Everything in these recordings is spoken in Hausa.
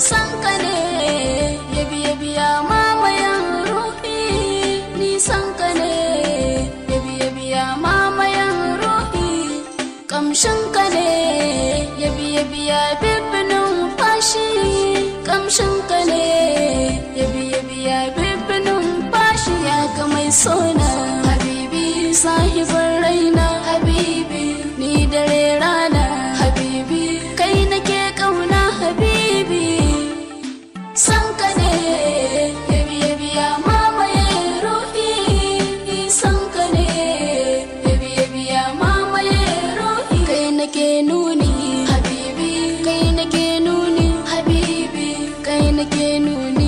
san ka ne Hallelujah.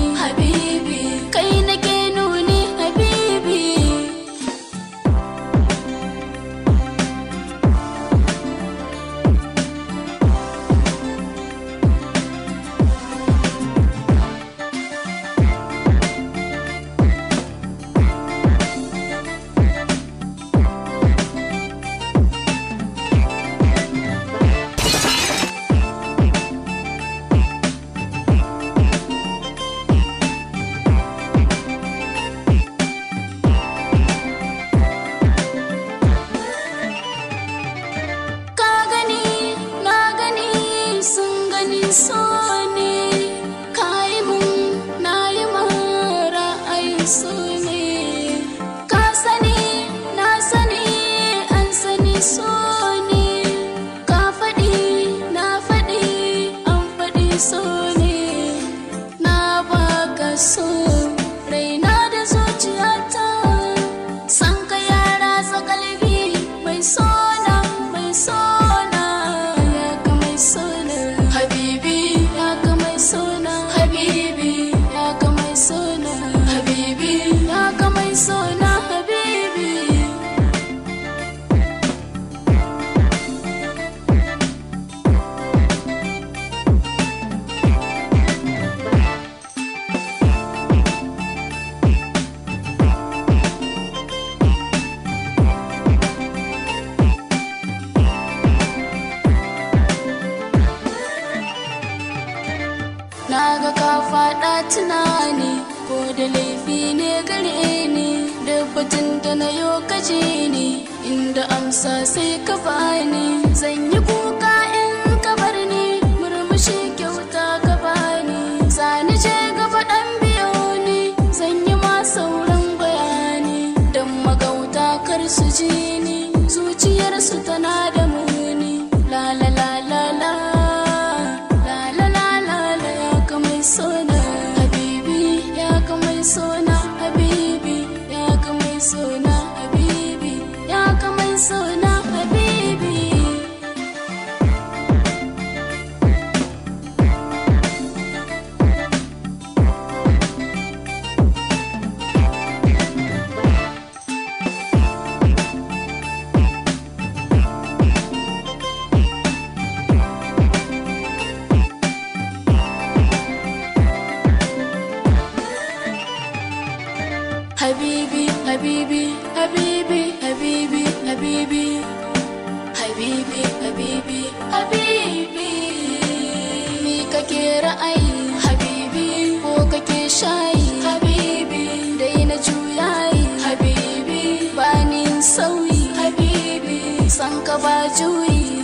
lição. da laifi ne gare ni batun da na yau kace ne inda amsa sai ka bani zan yi kuka in ka bar ni murmushi kyauta ka bani sani je gaba dan biyo ni zan yi ma sauran bayani dan magauta kar su ji ni Zuciyar su tana da mu habibi habibi habibi habibi habibi habibi habibi habibi ni kake ra'ayi habibi ko kake shayi habibi dai na juyayi habibi bani sauyi habibi san ka ba juyi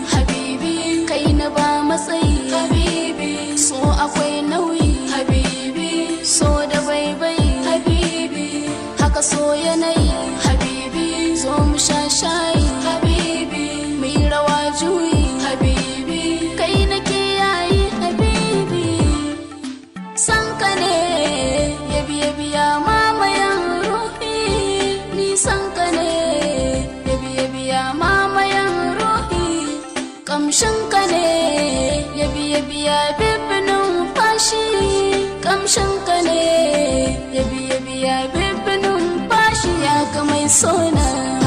ya biya bibin numfashi kamshin ka ne ya biya biya numfashi ya ga mai sona